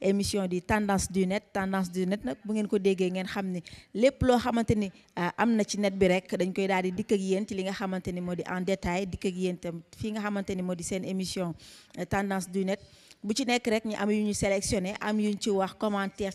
émission de tendance du net tendance du net nak bu ngeen ko ngeen xamni lepp lo xamanteni euh, amna ci net bi rek dañ koy en détail ak tam nga émission euh, tendance du net bu ci rek am yu ñu am yu ci wax commentaire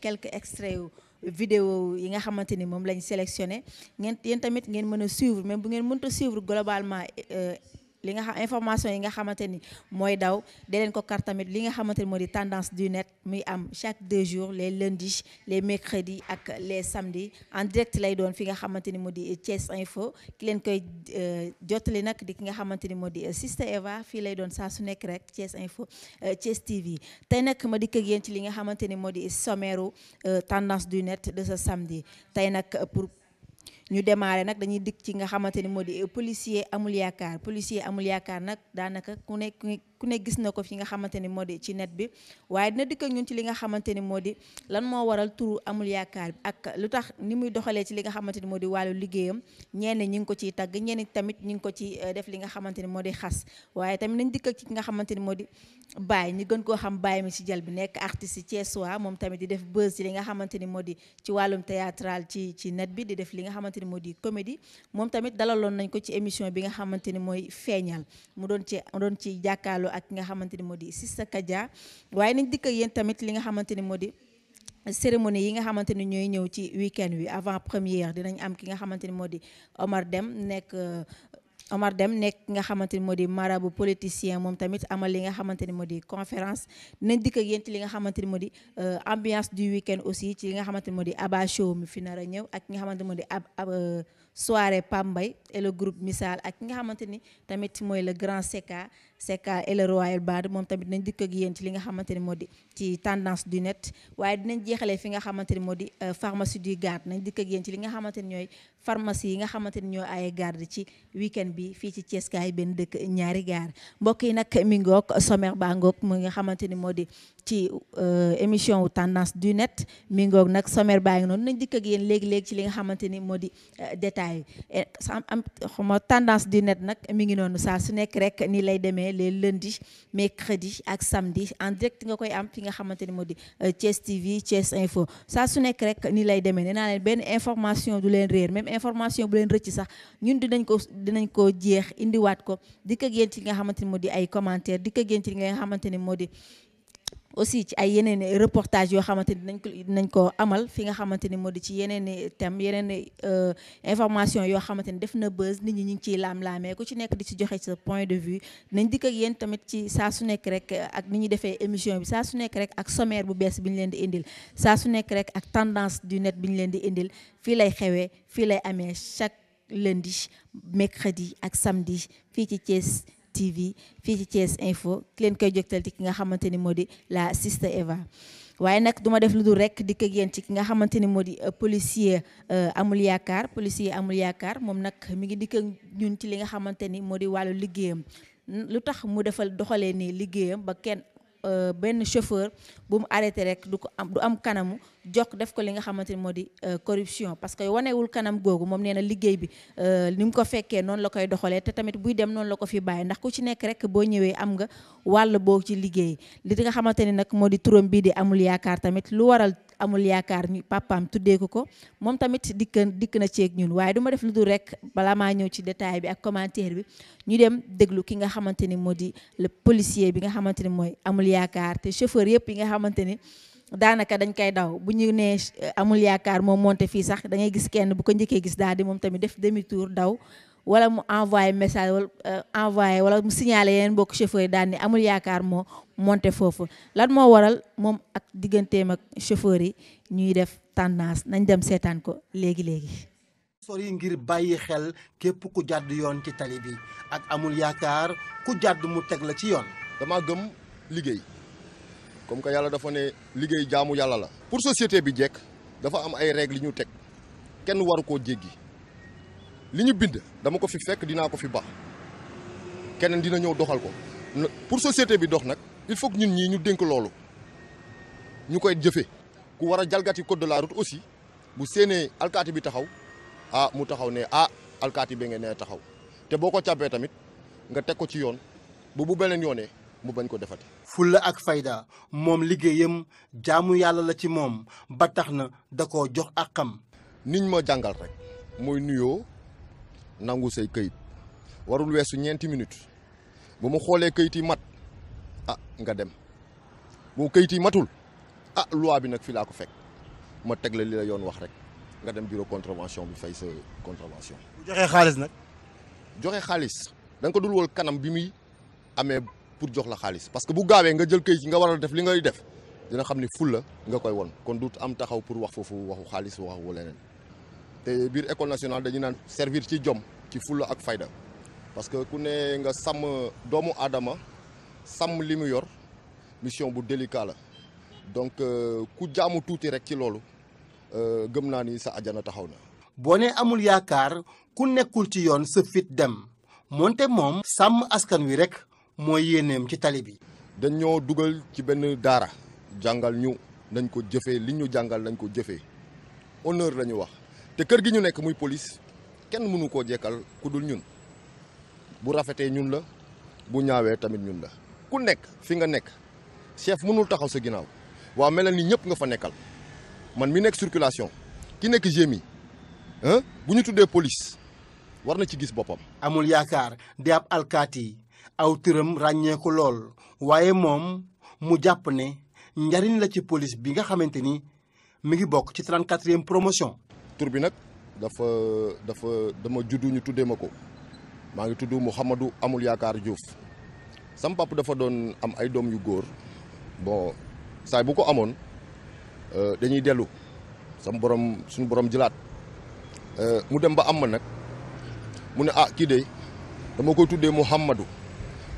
quelques extraits vidéo yi lañ sélectionner. ngeen tamit suivre même bu ngeen suivre globalement euh, li nga xam information yi nga xamante ni mooy daw di leen ko kar tamit li nga xamante ni moo di tendance du net muy am chaque deux jours les lundis les mercredis ak les samedis en direct lay doon fi nga xamante ni moo di Thiès Info ki leen koy jot euh, jottali nag di ki nga xamante ni moo di Sister Eva fii lay doon saa su nekk rek Thiès Info euh, Thiès TV tey nag ma dikk ak ci li nga xamante ni moo di sommaire euh, tendance du net de ce samedi tey nag pour. ñu démarré nag dañuy dikk ci nga xamante ni moo di euh, policier amul yaakaar policier amul yaakaar nag daanaka ku nekk ku ne gis na ko fi nga xamante moo di ci net bi waaye dina dikk ak ñun ci li nga xamante moo di lan moo waral turu amul yaakaar ak lu tax ni muy doxalee ci li nga xamante ni moo di wàllu liggéeyam ñeen ñi ngi ko ciy tagg ñenn tamit ñi ngi ko ci eh, def li nga xamante ni moo di xas waaye tamit nañ dikk ak ci nga xamante ni moo di Baye ñu gën koo xam Baye mi si jal bi nekk artiste yi Thiessois moom tamit di def buzz ci li nga xamante ni moo di ci wàllum théâtral ci ci net bi di def li nga xamante ni moo di comédie moom tamit dalaloon nañ ko ci émission bi nga xamante ni mooy feeñal mu doon ci doon ak ki nga xamante ni moo di Sista Kaja waaye nañ dikk ak yéen tamit li nga xamante ni moo di cérémonie yi nga xamante ni ñooy ñëw ci week wi avant première dinañ am ki nga xamante ni moo di Omar Dem nekk euh, Omar Dem nekk nga xamante ni moo di marabu politicien moom tamit amal li nga xamante ni moo di conférence dinañ dikk ak yéen ci li nga xamante ni moo di euh, ambiance du week-end aussi ci li nga xamante ni moo di Abba Show mi fi nar a ñëw ak nga xamante moo di ab euh, soirée Pambay et le groupe Misaal ak nga xamante ni tamit mooy le grand Seka Seka et le Royal Bad moom tamit dinañ dikk ak yéen ci li nga xamante ni moo di ci tendance du net waaye dinañ jeexalee fi nga xamante ni moo di euh, pharmacie du garde nañ dikk ak ci li nga xamante ni ñooy pharmacie yi nga xamante ni ñooy ay garde ci weekend bi fii ci Thiès kaay benn dëkk ñaari gaar mbokk yi nag mi ngoog sommaire baa ngoog mu nga xamante ni moo di ci euh, émission wu tendance du net mi ngoog nag sommaire baa ngi noonu nañ dikk ak yéen léegi-léegi ci li nga xamante ni moo di euh, détail am xuma tendance di net nag mi ngi noonu saa su nekk rek nii lay demee les lundi mercredi ak samdi en direct nga koy am fi nga xamante ni moo di euh, Thiès TV Thiès Info saa su nekk rek nii lay demee nee naa leen benn information du leen réer même information bu leen rëcc sax ñun dinañ ko dinañ ko jeex indiwaat ko di ko génn ci nga xamante ni moo di ay commentaire di ko génn ci nga xamante ni moo di aussi ci ay yeneen reportage yo xamanteni ni ko dinañ ko amal fi nga xamanteni modi ci yeneen i thème yeneen i euh, information yo xamanteni def na buzz nit ñi ñu ngi ciy laam-laamee ku ci nekk di ci joxe sa point de vue dinañ dik ak yeen tamit ci sa su nekk rek ak ni ñi défé émission bi sa su nekk rek ak sommaire bu bess bi ñu leen di indil sa su nekk rek ak tendance du net bi ñu leen di indil fi lay xewé fi lay amé chaque lundi mercredi ak samedi fi ci Thiès TV fii ci Thiès Info ki leen koy joktal ci ki nga xamante ni moo di la Sista Eva waaye nag du def lu dul rek dikk ak ci ki nga xamante ni moo di euh, policier euh, amul yaakaar policier amul yaakaar moom nag mi ngi dikk ak ñun ci li nga xamante ni moo di wàllu liggéeyam lu tax mu defal doxalee ni liggéeyam ba kenn Euh, benn chauffeur bu mu arrêté rek du ko am du am kanamu jokk def ko li nga xamante ni moo di euh, corruption parce que wanewul kanam googu moom nee na liggéey bi euh, ni mu ko fekkee noonu la koy doxalee te tamit buy dem noonu la ko fi bàyyi ndax ku ci nekk rek boo ñëwee am nga wàll boo ci liggéey li nga xamante ni nag moo di turam bii di amul yaakaar tamit lu waral amul yaakaar ñu papaam tuddee ko ko moom tamit dikk dikk na ceeg ñun waaye duma def lu dul rek balaa maa ñëw ci détail bi ak commentaire bi ñu dem déglu ki nga xamante ni moo di le policier bi nga xamante ni mooy amul yaakaar te chauffeur yëpp yi nga xamante ni daanaka dañ koy daw bu ñu nee amul yaakaar moom monte fii sax da ngay gis kenn bu ko njëkkee gis daal di moom tamit def demi tour daw wala mu envoyé message wala euh, envoyé wala mu signalé yeneen mbokk chauffeur yi daal amul yaakaar moo monté foofu lan moo waral moom ak digganteem ak chauffeur yi ñuy def tendance nañ dem seetaan ko léegi léegi. sori ngir bàyyi xel képp ku jàdd yoon ci tali bi ak amul yaakaar ku jàdd mu teg la ci yoon. dama gëm liggéey comme que yàlla dafa ne liggéey jaamu yàlla la. pour société bi jekk dafa am ay règles yu ñu teg kenn waru koo jéggi. li ñu bind dama ko fi fekk dinaa ko fi baax keneen dina ñëw doxal ko pour société bi dox nag il faut que ñun ñii ñu dénk loolu ñu koy jëfe ku war a jalgati code de la route aussi bu séenee alkaati bi taxaw ah mu taxaw ne ah alkaati bee nga nee taxaw te boo ko càbbee tamit nga teg ko ci yoon bu bu beneen yoonee mu bañ ko defati. fulla ak fayda moom liggéeyam jaamu yàlla la ci moom ba tax na da koo jox ak xam niñ ma jàngal rek mooy nuyoo. nangu say këyit warul weesu ñeenti minutes bu mu xoolee këyit mat ah nga dem bu këyit matul ah loi bi nak fi la ko fek ma tegg la li la yoon wax rek nga dem bureau contravention bi fay sa contravention. bu joxe xaalis nak joxe xaalis da nga dul wol kanam bi muy amé pour jox la xaalis parce que bu gawé nga jël këyit nga wara def li ngay def dina xamni ni ful la nga koy won kon du am taxaw pour wax fofu waxu xaalis waxu leneen. te biir école nationale dañu naan servir ci jom ci fulla ak fayda parce que ku ne nga sàmm doomu aadama sàmm li mu yor mission bu délicat la donc euh, ku jaamu tuuti rek ci loolu euh, gëm naa ni sa ajana taxaw na. boo ne amul yaakaar ku nekkul ci yoon sa fit dem moonte moom. sàmm askan wi rek mooy yéeneem ci tali bi. dañ ñoo dugal ci benn daara jàngal ñu nañ ko jëfee li ñu jàngal nañ ko jëfee honneur la ñu wax. té kër gi ñu nek muy police kenn mënu ko jékal ku dul ñun bu rafété ñun la bu ñaawé tamit ñun la ku nek fi nga nek chef mënul taxaw sa ginaaw wa melni ñëpp nga fa nekkal man mi nek circulation ki jemi hein bu ñu tuddé police warna ci gis bopam amul yaakar di ab alkati aw ragné ko lool wayé mom mu japp né ndariñ la ci police bi nga xamanteni mi ngi bok ci 34e promotion. tur bi nag dafa dafa dama juddu ñu tuddee ma ko maa ngi tudd Mouhamadou Amul Yaakaar Diouf sam pap dafa doon am ay doom yu góor bon saay bu ko amoon euh, dañuy dellu sam borom suñu borom jëlaat euh, mu dem ba am ma nag mu ne ah kii de dama koy tuddee Mouhamadou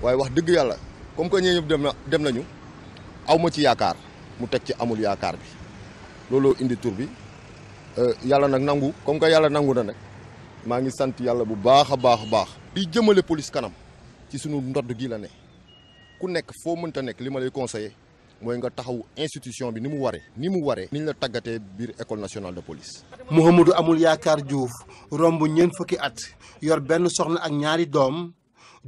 waaye wax dëgg yàlla comme que ñee ñëpp dem na dem nañu aw ma ci yaakaar mu teg ci amul yaakaar bi looloo indi tur bi. Euh, yàlla nag nangu comme que yàlla nangu na nag maa ngi sant yàlla bu baax a baax a baax. di jëmale police kanam ci sunu ndodd gi la ne ku nekk foo mënta nekk li ma lay conseiller mooy nga taxaw institution bi ni mu waree ni mu waree. niñ la tàggatee biir école nationale de mu Mouhamadou amul yaakaar Diouf romb ñeent fukki at yor benn soxna ak ñaari doom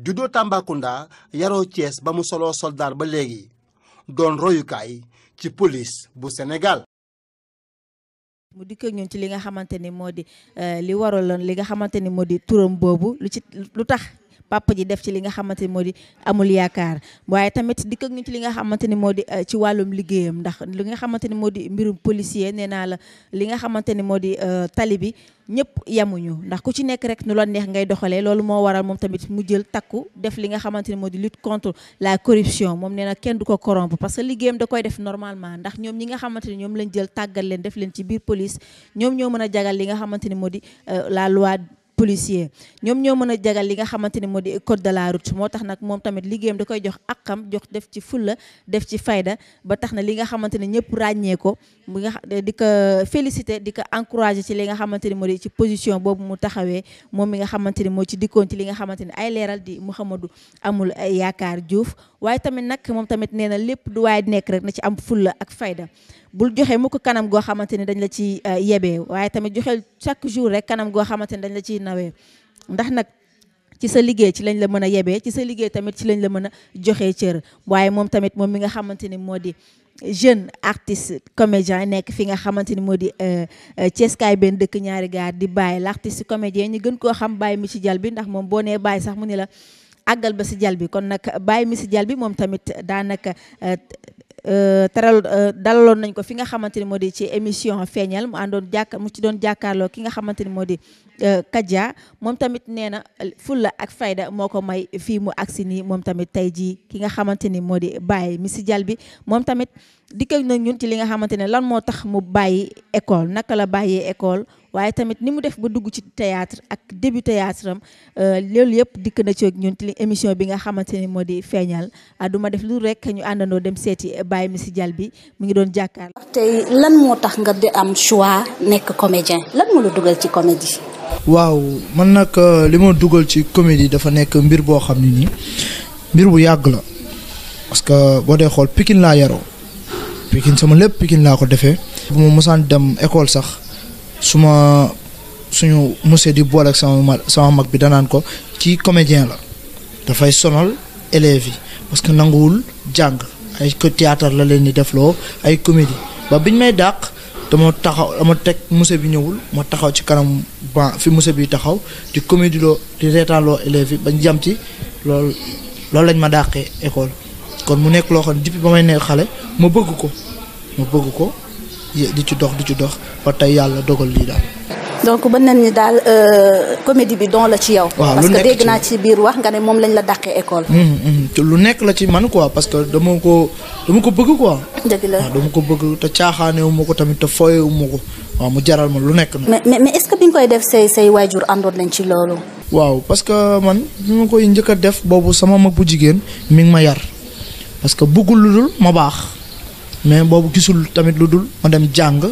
juddoo Tambacounda yaroo Thiès ba mu soloo soldaar ba léegi doon royukaay ci police bu Sénégal. mu dikk ñun ci li nga xamante ni moo di euh, li waraloon li nga xamante ni moo di turam boobu lu ci lu tax papa ji def ci li nga xamante ni moo di amul yaakaar waaye tamit dikk ñu ci li nga xamante moo di eh, ci wàllum liggéeyam ndax li nga xamante ni moo di mbirum policier nee naa la li nga xamante ni moo di eh, tali bi ñëpp yamuñu ndax ku ci nekk rek nu la neex ngay doxalee loolu moo waral moom tamit mu jël takku def li nga xamante ni moo di lutte contre la corruption moom nee na kenn du ko corrompre parce que liggéeyam da koy def normalement ndax ñoom ñi nga xamante ni ñoom lañ jël tàggat leen def leen ci biir police ñoom ñoo mën a jagal li nga xamante ni moo di eh, la policier ñoom ñoo mën a jagal li nga xamante ni moo di code de la route moo tax nag moom tamit liggéeyam da koy jox ak akam jox def ci fulla def ci fayda ba tax na li nga xamante ne ñëpp ràññee ko mu nga di ko féliciter di ko encourager ci li nga xamante ni moo di ci position boobu mu taxawee moom mi nga xamante ni moo ci dikkoon ci li nga xamante ni ay leeral di mu xamadu amul yaakaar Diouf waaye tamit nag moom tamit nee na lépp du waaye nekk rek na ci am fulla ak fayda bul joxe mu ko kanam goo xamante ni dañ la ci euh, yebe waaye tamit joxe chaque jour rek kanam goo xamante ni dañ la ciy nawee ndax nag ci sa liggéey ci lañ la mën a yebee ci sa liggéey tamit ci lañ la mën a joxee cër waaye moom tamit moom mi nga xamante ni moo di jeune artiste comédien nekk fi nga xamante ni moo di Ceeskaay euh, euh, benn dëkk ñaari gaar di Baye l'artiste comédien ñi gën koo xam Baye mi ci jal bi ndax moom boo ne Baye sax mu ni la àggal ba si jal bi kon nag Baye mi si jal bi moom tamit daanaka Euh, teral euh, dalaloon nañ ko fi nga xamante ni moo di ci émission feeñal mu àndoon jàkka mu ci doon jàkkaarloo ki nga xamante ni moo di Euh, Kaja moom tamit nee na euh, fulla ak fayda moo ko may fii mu agsi nii moom tamit tey jii ki nga xamante ni moo di bàyyi si Dial bi moom tamit dikkal na ñun ci li nga xamante ne lan moo tax mu bàyyi école naka la bàyyee école waaye tamit ni mu def ba dugg ci théâtre ak début théâtre am euh, loolu yëpp dikk na ci ñun ci émission bi nga xamante ni moo di feeñal ah, du def lu rek ñu àndandoo dem seeti Baye Miss Dial bi mu ngi doon jàkkaar tey lan moo tax nga di am choix nekk comédien lan moo la dugal ci comédie waaw man nag euh, li ma dugal ci comédie dafa nekk mbir boo xam ne nii mbir bu yàgg la parce que boo dee xool pikin laa yaroo Pikine sama lépp Pikine laa ko defee. bu ma mosaan dem école sax su ma suñu monsieur di booleek ak sama mag bi danaan ko ci comédien la dafay sonal élèves yi parce que nanguwul jàng ay ko théâtre la leen di defloo ay comédie ba biñ may dàq. dama taxaw dama teg monsieur bi ñëwul ma taxaw ci kanam ban fi monsieur bi taxaw di comédie loo di reetaanloo élèves yi bañ jam ci loolu loolu lañ ma dàqee école kon mu nekk loo xam ne depuis ba may nekk xale ma bëgg ko ma bëgg ko di ci dox di ci dox ba tey yàlla dogal lii daal donc ni dal euh comédie bi don la ci yow. parce que dégg na ci biir wax nga né mom lañ la dàqee école. Hmm, hmm. lu nekk la ci man quoi parce que dama ko dama ko bëgg quoi. dëgg la dama ko bëgg te chaaxane wu ko tamit te foyé wu ko wa mu jaral ma lu nekk mais mais mais est ce que bi nga koy def say say wajur àndoon lañ ci lolu waaw parce que man bi ma koy ñëk def bobu sama mag bu jigen mi ngi ma yar parce que bëggul lu dul ma baax mais bobu gisul tamit lu dul ma dem jang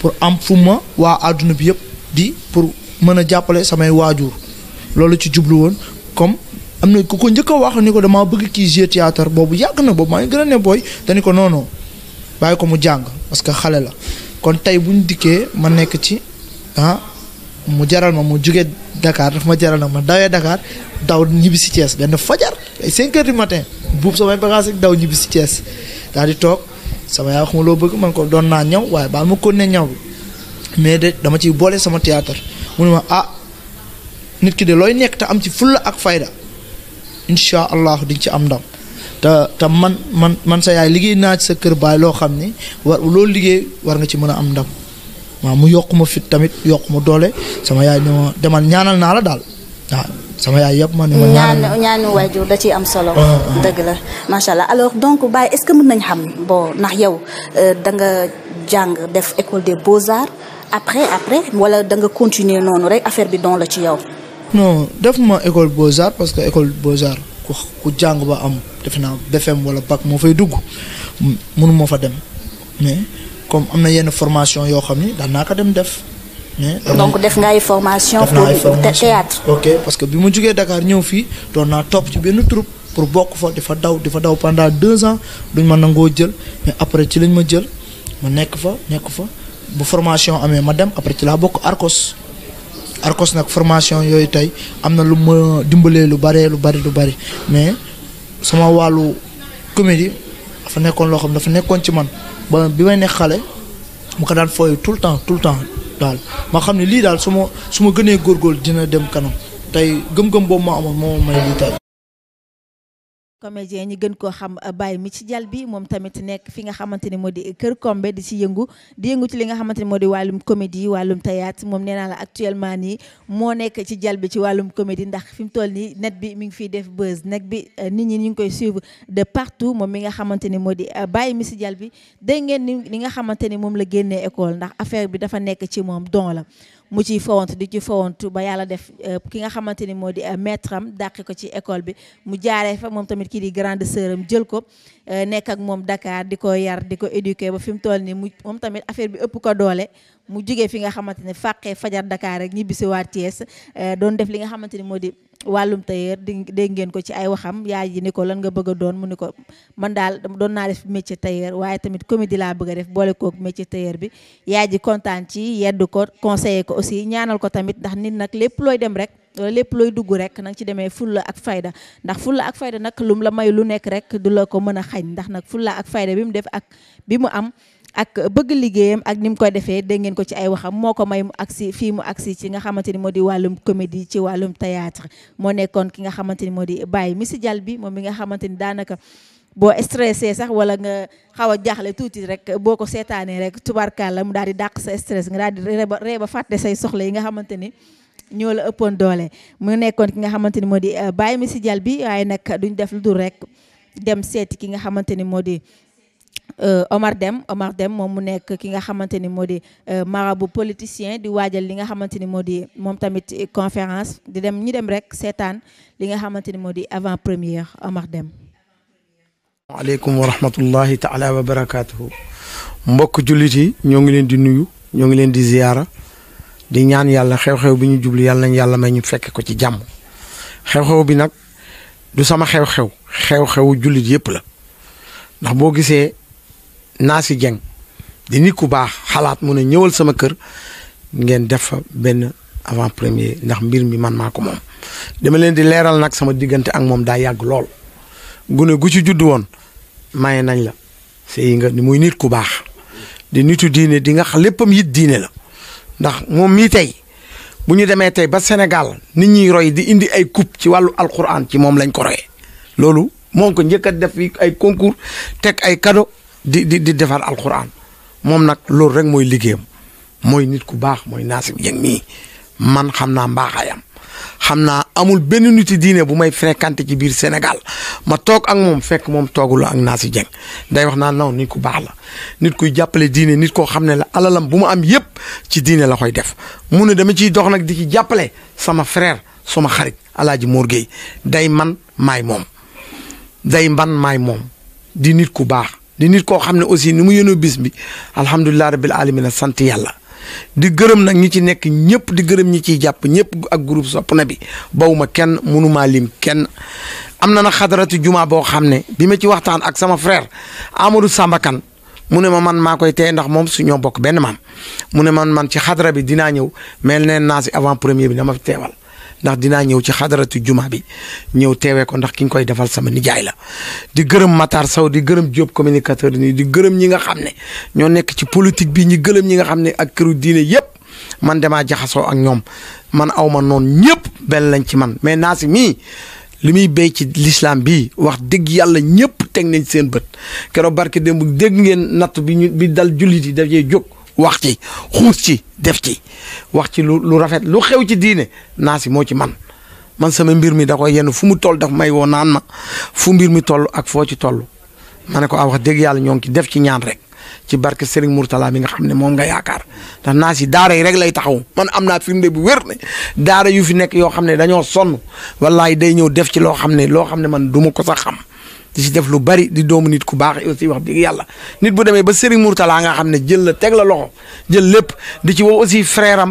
pour am fuma wa aduna bi yëpp di pour mën jappalé samay wajur loolu ci djublu won comme amna ko ko ñëk wax ni ko dama bëgg ki jeu théâtre bobu yag na bobu maa ngi gën a ne booy ko nono bay ko mu jang parce que xalé la kon tay buñ diké ma nekk ci ha ah, mu jaral ma mu jugee Dakar dafa ma jaral na ma dawé Dakar daw ñibbi si Thiès fajar 5 h du matin bu sama bagage daw ñibbi si Thiès daal di tok sama ya wax ma bëgg man ko don na ñaw way ba mu ko né ñaw mais de dama ci bolé sama théâtre mune ma ah nit ki de loy nek ta am ci ak fayda insha allah di ci am ndam ta ta man man man sa yaay liggéey na ci sa kër bay lo xamni war lo liggéey war nga ci mën am ndam ma mu yokuma fit tamit yokuma ma sama yaay no demal ñaanal na la dal sama yaay yeb man ñaan ñaan ñaanu da ci am solo ah, ah. deug la ma sha Allah alors donc bay est ce que mën nañ xam bo yow euh, da nga jang def école des beaux arts après après wala da nga continuer non, rek affaire bi don la ci yow. non def ma école beaux arts parce que école beaux arts ko ko jang ba am def na defem wala bac mo fay dugg Munu ma fa dem mais comme amna yenn formation yo xamni da na ka dem def. donc def nga ay formation pour théâtre ok parce que bi mu jógee Dakar ñëw fi doon na top ci benn troupe pour bokk fa difa daw difa daw pendant 2 ans duñ ma nango jël mais après ci lañ ma jël ma nekk fa nekk fa. bu formation amé ma dem après ci la bok Arcos Arcos nak formation yoy tay amna lu ma dimbalé lu bare lu bari lu bari mais sama walu comédie dafa nekkon lo xam dafa nekkon ci man ba bi may nekk xalé mu ko daan foy tout le temps tout le temps dal ma xamni li dal suma suma gëné gorgol dina dem kanam tay gëm-gëm bo ma amon mo may li tay comédien ñi gën koo xam euh, Baye mi ci jal bi moom tamit nekk fi nga xamante ne moo di euh, Kër Kombe di ci yëngu di yëngu ci li nga xamante ne moo di wàllum comédie wàllum théâtre moom nee la actuellement nii moo nekk ci jal bi ci wàllum comédie ndax fi mu toll nii net bi mu ngi fi def buzz net bi euh, nit ñi ñu ngi koy suivre de partout moom mi nga xamante ne moo di Baye mi ci jal bi dégg ngeen ni li nga xamante ni moom la génnee école ndax affaire bi dafa nekk ci moom don la mu ciy fawantu di ci fawantu ba yàlla def euh, ki nga xamante ni moo di euh, maître am dàqi ko ci école bi mu jaaree fa moom tamit kii di grande sœur am jël ko euh, nekk ak moom Dakar di ko yar di ko éduquer ba fi mu toll nii mu moom tamit affaire bi ëpp ko doole mu jugee fi nga xamante ni fàqee fajar Dakar rek ñibbisiwaat Thiès doon def li nga xamante ni moo di wàllum tailleur di dégg ngeen ko ci ay waxam yaay ji ni ko lan nga bëgg doon mu ni ko man daal doon naa def métier tailleur waaye tamit comédie laa bëgg a def boole kook métier tailleur bi yaay ji kontaan ci yedd ko conseiller ko aussi ñaanal ko tamit ndax nit nag lépp looy dem rek wala lépp looy dugg rek nanga ci demee fulla ak fayda ndax fulla ak fayda nag lum la may lu nekk rek du la ko mën a xañ ndax nag fulla ak fayda bi mu def ak bi mu am ak bëgg liggéeyam ak ni mu ko defee dégg ko ci ay waxam moo ko may mu agsi fii mu agsi ci nga xamante ni moo di wàllum comédie ci wàllum théâtre moo nekkoon ki nga xamante ni moo di Baye Miss Dial bi moom mi nga xamante ni daanaka boo stressé sax wala nga xaw a jaaxle tuuti rek boo ko seetaanee rek tubarkàlla mu daal di dàq sa stress nga daal di reeba reeba fàtte say soxla yi nga xamante ni ñoo la ëppoon doole mu nekkoon ki nga xamante ni moo di euh, Baye Miss Dial bi waaye nag duñ def lu dul rek dem seeti ki nga xamante ni moo di Euh, Omar Deme Omar Deme moom mu nekk ki nga xamante ni moo di euh, marabu politicien di waajal li nga xamante ni moo di moom tamit conférence di dem ñu dem rek seetaan li nga xamante ni moo di avant première Omar Deme. waaleykum wa rahmatullahi taala wa barakaatuhu. mbokk jullit yi ñoo ngi leen di nuyu ñoo ngi leen di ziyaara di ñaan yàlla xew-xew bi ñu jublu yàlla nañ yàlla may ñu fekk ko ci jàmm xew-xew bi nag du sama xew-xew xew-xewu jullit yépp la ndax boo gisee. Naasi Dieng di nit ku baax xalaat mu ne ñëwal sama kër ngeen def fa benn avant premier ndax mbir mi man maa ko moom. dama leen di leeral nag sama diggante ak moom daa yàgg lool gune gu ci juddu woon maye nañ la sëy nga muy nit ku baax di nitu diine di nga xam léppam yit diine la ndax moom mii tey. bu ñu demee tey ba senegal nit ñuy roy di indi ay kup ci wàllu alquran ci moom lañ ko royee loolu moo ko njëkk a def ay concours teg ay kado di di di defar alxuraan moom nag loolu rek mooy liggéeyam mooy nit ku baax mooy Nasib Dieng mii man xam naa mbaaxaayam xam naa amul benn nit diine bu may fréquenté ci biir Sénégal ma toog ak moom fekk moom toogul ak Nasib Dieng day wax naa naw nit ku baax la nit kuy jàppale diine nit koo xam ne la alalam bu mu am yépp ci diine la koy def mu na dama ciy dox nag di ci jàppale sama frère sama xarit Alaaji Mor Gueye day man maay moom day mban maay moom di nit ku baax di nit koo xam ne aussi nu mu yénoo bis bi alhamdulilah rabbil alamin sant yàlla di gërëm nag ñi ci nekk ñëpp di gërëm ñi ciy jàpp ñëpp ak groupe sopp na bi bawuma kenn mënumaa lim kenn am na nag xadaratu juma boo xam ne bi ma ci waxtaan ak sama frère Amadou Sambakan mu ne ma man maa koy tey ndax moom suñoo ñoo bokk benn maam mu ne man man ci xadara bi dinaa ñëw mel neen naa avant premier bi dama fi teewal ndax dinaa ñëw ci xadaratu jumaa bi ñëw teewee ko ndax ki nga koy defal sama nijaay la di gërëm Matar Sow di gërëm Diop communicateur nii di gërëm ñi nga xam ne ñoo nekk ci politique bi ñi gërëm ñi nga xam ne ak këru diine yëpp man damaa jaxasoo ak ñoom man aw ma noonu ñëpp benn lañ ci man mais naa si mii li muy béy ci l'islam bi wax dëgg yàlla ñëpp teg nañ seen bët keroog barke démb dégg ngeen natt bi ñu bi dal jullit yi dafay jóg wax ci xuus ci def ci wax ci lu lu rafet lu xew ci diine naa si moo ci man man sama mbir mi da koy yenn fu mu toll daf may woo naan ma fu mbir mi toll ak foo ci toll ma ne ko awax ah, wax dëgg yàlla ñoo ngi ci def ci ñaan rek ci barke Serigne Mourtala mi nga xam ne moom nga yaakaar ndax naa si daara yi rek lay taxaw man am naa firnde bu wér ne daara yu fi nekk yoo xam ne dañoo sonn wallaay day ñëw def ci loo xam ne loo xam ne man du ma ko sax xam di si def lu bari di doomu nit ku baax aussi wax dëgg yàlla nit bu demee ba Serigne Mourtala nga xam ne jël la teg la loxo jël lépp di ci woo aussi frère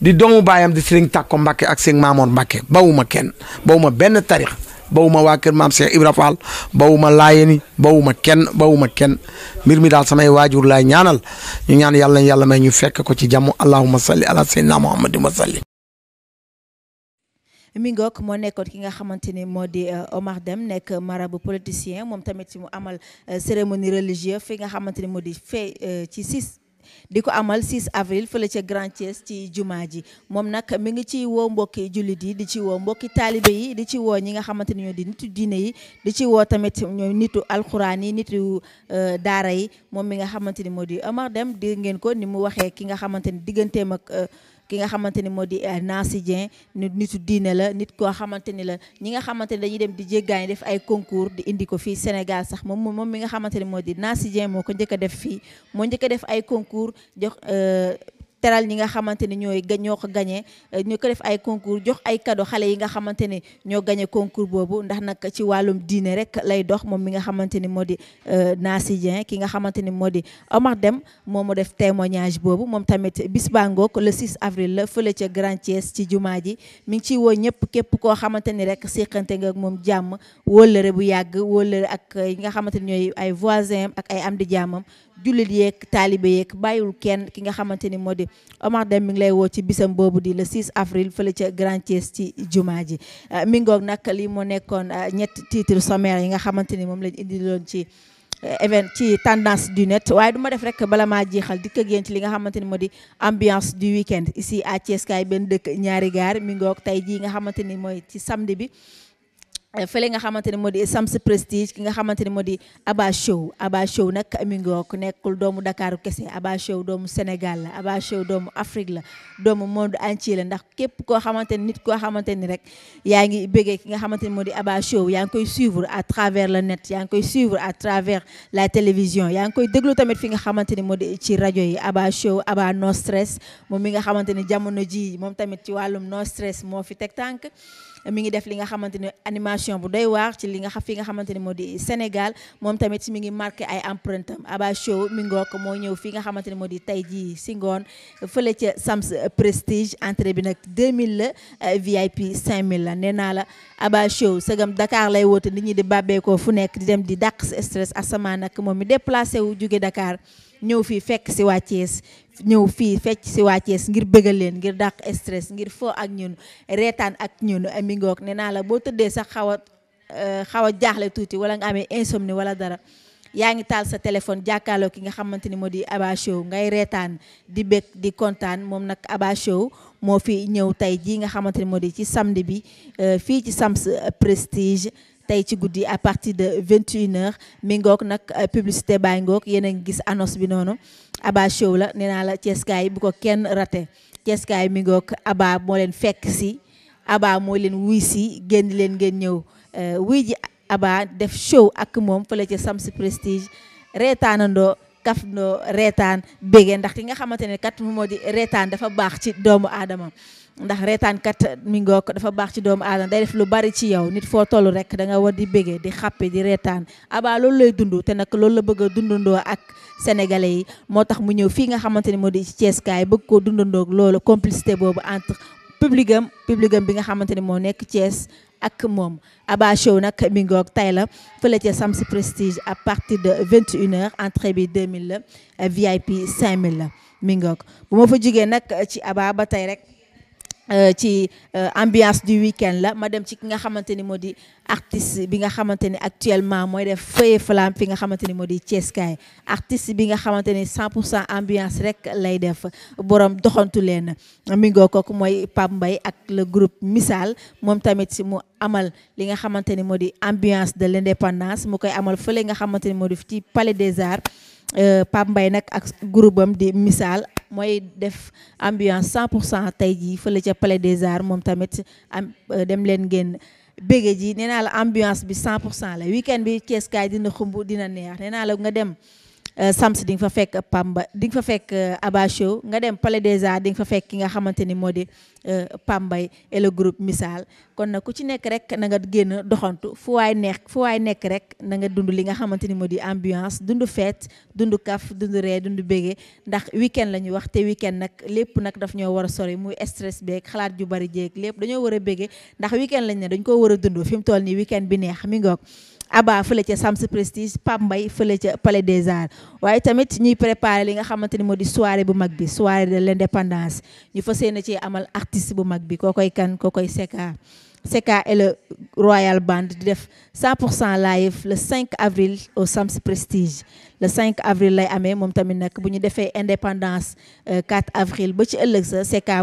di doomu baayam di Serigne Takko Mbacke ak Serigne Mamour Mbacke bawuma kenn bawuma benn tarix bawuma waa kër maam Cheikh Ibra Fall bawuma laayeni bawuma kenn bawuma kenn mbir mi daal samay waajur laay ñaanal ñu ñaan yàlla yàlla may ñu fekk ko ci jàmm allahumma salli ala sayyidina muhammadin wa salli mi ngoog moo nekkoon ki nga xamante ni moo di euh, Omar dem nekk bu politicien moom tamit mu amal euh, cérémonie religieuse fi nga xamante ni moo di fee euh, ci six di ko amal 6 avril fële ca Grand Thiès ci jumaa ji moom nag mi ngi ci woo mbokki jullit yi di ci woo mbokki taalibe yi di ci woo ñi nga xamante ni ñoo di nitu diine yi di ci woo tamit ñoo nitu alxuraan yi nitu daara yi moom mi nga xamante ni moo di Omar dem di ngeen ko ni mu waxee ki nga xamante ni digganteem ak ki nga xamante ni moo di eh, Nancy Dieng nit nitu diine la nit koo xamante ni la ñi nga xamante ni dañuy dem di jéggaani def ay concours di indi ko fii Sénégal sax moom moom mi nga xamante ni moo di Nancy Dieng moo ko njëkk a def fii moo njëkk a def ay concours jox euh, teral ñi nga xamante ne ñooy ñoo ko gagné euh, ñu ko def ay concours jox ay kado xale yi nga xamante ne ñoo gañe concours boobu ndax nag ci wàllum diine rek lay dox moom mi nga xamante ni moo di euh, Nancy Dieng ki nga xamante ni moo di Omar Deme moo mu def témoignage boobu moom tamit bis bangook le 6 avril la fële ca Grand Thiès ci jumaa ji mi ngi ciy woo ñëpp képp koo xamante ni rek siqante nga moom jàmm wóllëre bu yàgg wóllëre ak euh, yi nga xamante ni ñooy ay voisin ak ay am di jàmmam jullit yeeg taalibe yeeg bàyyiwul kenn ki nga xamante ni moo di Omar Deme mi ngi lay woo ci bisam boobu di la 6 avril fële ca Grand Thiès ci jumaa ji ah, mi ngoog nag lii moo nekkoon ah, ñett titre sommaire yi nga xamante ni moom lañ indi loon ci eh, event ci tendance du net waaye du ma def rek bala maa jeexal dikk génn ci li nga xamante ni moo di ambiance du week-end ici à Thiès kaay benn dëkk ñaari gaar mi ngoog tey jii nga xamante ni mooy ci samedi bi Eh, fële nga xamante ne moo di Sams Prestige ki nga xamante ne moo di Aba Show Aba Show nag mi ngi nekkul doomu Dakar kese Aba Show doomu Sénégal la Aba Show doomu Afrique la doomu monde entier la ndax képp koo xamante ni nit koo xamante ni rek yaa ngi bëggee ki nga xamante ne moo di Aba Show yaa ngi koy suivre à travers le net yaa ngi koy suivre à travers la télévision yaa ngi koy déglu tamit fi nga xamante ni moo di ci rajo yi Aba Show Aba No Stress moom mi nga xamante ni jamono ji moom tamit ci wàllum No Stress moo fi teg tànk mi ngi def li nga xamante ni transformation bu doy waar ci li nga xam fi nga xamante ne moo di Sénégal moom tamit mi ngi marqué ay empreinte am Aba Show mi ngook moo ñëw fi nga xamante ne moo di tey jii si ngoon fële ca Sams Prestige entrée bi nag 2000 la euh, VIP 5000 la nee naa la Aba Show sëgam Dakar lay woote ni ñi di bàbbeekoo fu nekk di dem di dàq stress asamaan nag moom mi déplacé wu jóge Dakar ñëw fii fekk si waa Thiès ñëw fii fekk si waa Thiès ngir bëggal leen ngir dàq stress ngir fo ak ñun reetaan ak ñun eh, mi ngoog nee naa la boo tëddee sax xaw a eh, xaw a jaaxle tuuti wala nga amee insomnie wala dara yaa ngi taal sa téléphone jàkkaarloo ki nga xamante ni moo di Aba Show ngay reetaan di bég di kontaan moom nag Aba Show moo fi ñëw tey jii nga xamante ni moo di ci samedi bi eh, fii ci sam Prestige tey ci guddi à partir de vingt h mi ngoog nag euh, publicité baa ngoog yéen a ngi gis annonce bi noonu Aba Show la nee naa la Ceeskaay bu ko kenn rate Ceeskaay mi ngoog Aba moo leen fekk si Aba mooy leen wuy si génn leen ngeen ñëw euh, wuy ji Aba def show ak moom fële ca Sams Prestige reetaanandoo kaf ndoo reetaan bégee ndax ki nga xamante ne kat moo di reetaan dafa baax ci doomu aadama ndax reetaankat mi ngook dafa baax ci doomu aadama day def lu bari ci yow nit foo toll rek danga war di bégee di xàppi di reetaan abaa loolu lay dund te nag loolu la bëgg a dundandoo ak sénégalais yi moo tax mu ñëw fii nga xamante ni moo di ci Ceeskaay bëgg koo dundandoo loolu complicité boobu entre public am bi nga xamante ni moo nekk Cees ak moom Abba Show nag mi ngoog tay la fële ca Sams Prestige à partir de 21h entrée bi 2000 la VIP 5000 la mi ngoog bu ma fa jugee nag ci Abba ba tey rek. Euh, ci euh, ambiance du week-end la ma dem ci ki nga xamante ni moo di artiste bi nga xamante ni actuellement mooy def feuille flamme fi nga xamante ni moo di Ceeskaay artiste bi nga xamante ni 100 cent ambiance rek lay def borom doxantu leen mi ngoo kooku mooy Pape mbay ak le groupe Misaal moom tamit si mu amal li nga xamante ni moo di ambiance de l'indépendance mu koy amal fële nga xamante ni moo di ci Palais des Arts euh, Pape mbay nag ak groupe am di Misaal mooy def ambiance 100 pour tey jii fële ca palais des arts moom tamit am euh, dem leen ngeen bege jii nee naa la ambiance bi 100 pour cent la week-end bi Cees kaay dina xumb dina neex nee la nga dem Euh, Sams di nga fa fekk Pamba di nga fa fekk euh, Abacho nga dem pale des Arts di nga fa fekk ki nga xamante ni moo di euh, Pambay et le groupe Misaal kon na ku ci nekk rek na nga génn doxantu fu waay neex fu waay nekk rek na nga dund li nga xamante ni moo di ambiance dund fête dund kaf dund ree dund bége ndax weekend la ñuy wax te weekend nag lépp nag daf ñoo war a sori muy stress beeg xalaat ju bari jeeg lépp dañoo war a bége ndax weekend lañ ne dañ koo war a dund fi mu toll nii weekend bi neex mi ngoog Aba fële ca Sams Prestige Pambay Mbaye fële Palais des Arts Ouais, tamit ñuy préparé li nga xamante ni soirée bu soirée de l'indépendance ñu fas yéene ci amal artiste bu mag bi kookoy kan kookoy Seka Seka le Royal Band 100 live le 5 avril au Sams Prestige le 5 avril lay amee moom tamit nag bu 4 euh, avril ba ci ëllëg sa Seka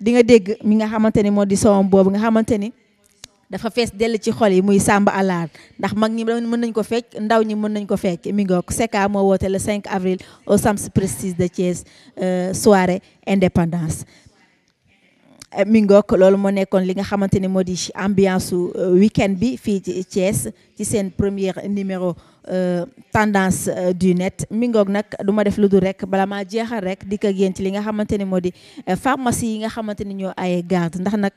di nga dégg mi nga xamante ni moo di soom boobu nga xamante ni dafa fees dell ci xol yi muy Samba Alaar ndax mag ñi mën nañ ko fecc ndaw ñi mën nañ ko fecc mi ngook Secka moo woote le 5 avril au Sams Prestige de Thiès euh, soirée indépendance euh, mi ngook loolu moo nekkoon li nga xamante ni moo di ambiance su euh, week bi fii ci Thiès ci seen première numéro Euh, tendance euh, du net mi nag duma def lu dul rek bala ma jeexal rek dikk ak yéen ci li nga xamante ni moo di euh, pharmacie yi nga xamante ni ñoo ay garde ndax nag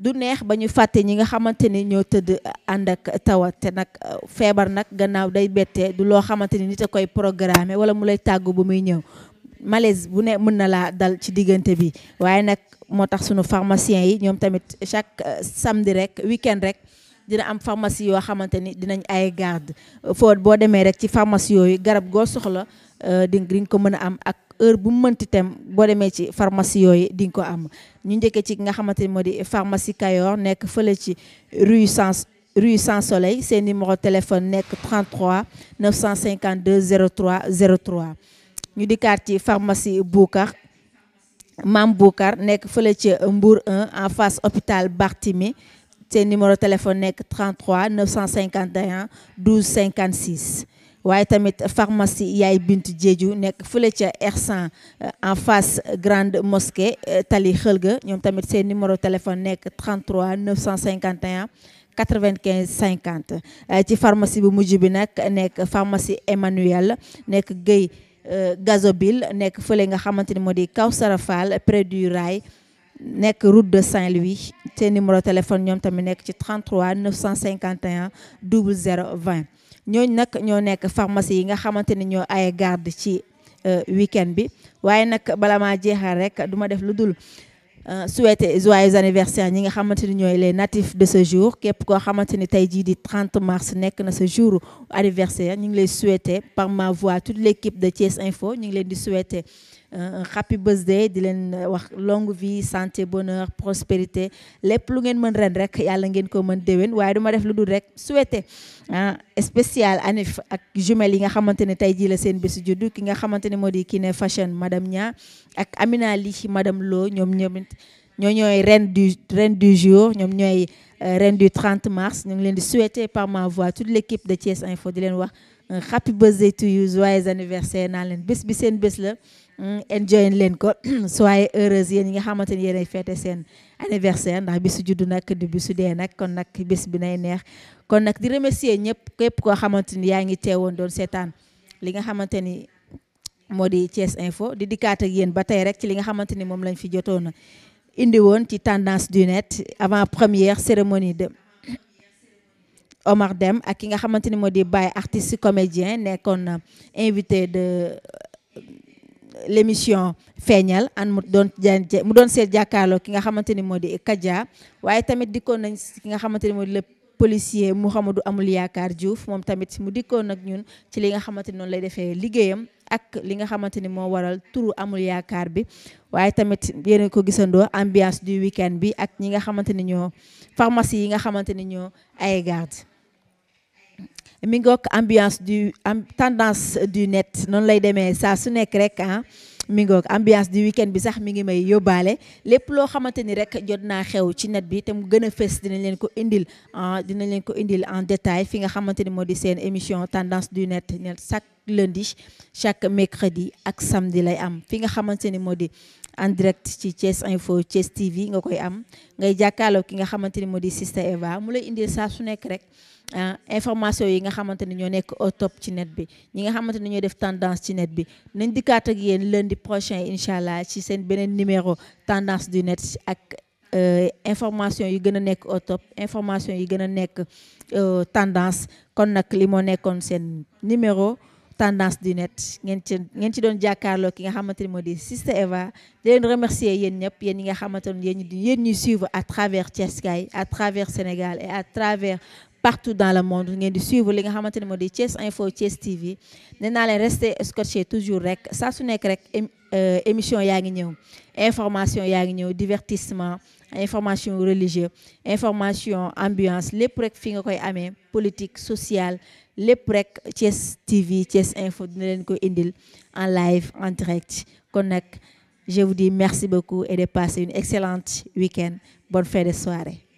du neex ba ñu fàtte ñi nga xamante ni ñoo tëdd ànd ak tawat te nag feebar nag gannaaw day bette du loo xamante ni nit a koy programmer wala mu lay tàggu bu muy ñëw malaise bu ne mën na laa dal ci diggante bi waaye nag moo tax sunu pharmacien yi ñoom tamit chaque samedi rek week rek dina am pharmacie yoo xamante ni dinañ ay garde foo boo demee rek ci pharmacie yooyu garab goo soxla euh, di nga ko mën a am ak heure bu mu mënti tem boo demee ci pharmacie yooyu di nga ko am ñu njëkkee ci nga xamante ni moo di pharmacie Kayor nekk fële ci rue sans rue sans soleil seen numéro téléphone nekk 33 952 03 03 ñu dikkaat ci pharmacie Boukar maam Boukar nekk fële ci Mbour 1 en face hôpital Bartimi c'est numéro téléphone 33 951 1256. 56 waaye tamit pharmacie Yaay Bintu Jeeju nek fële ca R100 euh, en face grande mosquée euh, Tali khelga ñom tamit de numéro téléphone nek 33 951 95 50 ci pharmacie bu mujju bi pharmacie Emmanuel nek gey euh, Gazobil nek fële nga xamanteni près du rail Nek route de Saint-Louis Té numéro téléphone ñom tamit nek ci 33 951 0020. 20 nak nag nek pharmacie yi nga xamanteni ni ay garde ci euh, week-end bi waye nak bala maa jeexal rek duma def euh, souhaiter joyeux anniversaire ñi nga xamanteni ñoy les natifs de ce jour kep ko xamanteni tay ji di 30 mars n'ek na ce jour anniversaire ñi ngi lay souhaiter par ma voix toute l'équipe de Thiès Info ñi ngi len di souhaiter un happy birthday di leen euh, wax longue vie santé bonheur prospérité lepp lu ngeen mën ren rek yalla ngeen ko mën dewen waye du def lu rek souhaité ah spécial Anif ak jumelle yi nga xamantene ne tey la seen bésu juddu ki nga xamantene modi ki ne Fashion madame Nia ak Amina Ly madame Lo ñom ñoom ñoy ñooy reine du reine du jour ñom ñoy euh, reine du 30 mars ñu ngi leen di souhaiter par ma voix toute l'équipe de Thiès Info di leen wax un happy birthday to you joyeux anniversaire na leen bés bi seen bés la Mm, enjoy leen ko soyez heureuse yéen ñi nga xamante ni yéenay fêté seen anniversaire ndax bisu juddu nag di bisu nag kon nag bis bi nay neex kon nag di remercier ñëpp képp koo xamante ni yaa ngi teewoon doon seetaan li nga xamante ni moo di Thiès Info di dikkaat yéen ba tey rek ci li nga xamante ni moom lañ fi jotoon indi woon ci tendance du net avant première cérémonie de Omar dem ak ki nga xamante ni moo di Baye artiste comédien nekkoon invité de l'émission feeñal an mu doon mu doon seet jàkkaarloo ki nga xamante ni moo di Kaja waaye tamit dikkoon nañ ki nga xamante ni moo di le policier Mouhamadou Amul Yaakaar Diouf moom tamit mu dikkoon nag ñun ci li nga xamante ni noonu lay defee liggéeyam ak li nga xamante ni moo waral turu Amul Yaakaar bi waaye tamit yéen ko gisandoo ambiance du week bi ak ñi nga xamante ni ñoo pharmacie yi nga xamante ni ñoo ay garde mi ambiance du am tendance du net non lay démé ça, su nek rek hein. mi ambiance du week-end bi sax mi ngi may yobalé lepp lo xamanteni rek jot naa xew ci net bi te mu gën a dinañ leen ko indil ah, dinañ leen ko indil en détail fi nga xamanteni modi seen émission tendance du net chaque lundi chaque mercredi ak samedi lay am fi nga xamanteni modi en direct ci Thiès Info Thiès TV nga koy am ngay jakkalo ki nga xamanteni modi Sister Eva mu lay indil ça, su nek rek Hein? information yi nga xamanteni ñoo au top ci net bi ñi nga tendance ci net bi nañ lundi prochain inshallah, ci seen numéro tendance du net euh, information yu gën a au top information yu gën euh, tendance kon li numéro tendance du net ngeen ci ngeen ci ki nga remercier suivre à travers à travers Sénégal et à travers partout dans le monde Vous di suivre li nga xamante ne Info Chess TV Vous allons rester scotché toujours rek Ça, su une euh, émission yaa information divertissement information religieuse, information ambiance lépp rek fi nga koy amee politique sociale lépp rek Thiès TV Chess Info nous allons en live en direct je vous dis merci beaucoup et de passer une excellente week-end bonne fin de soirée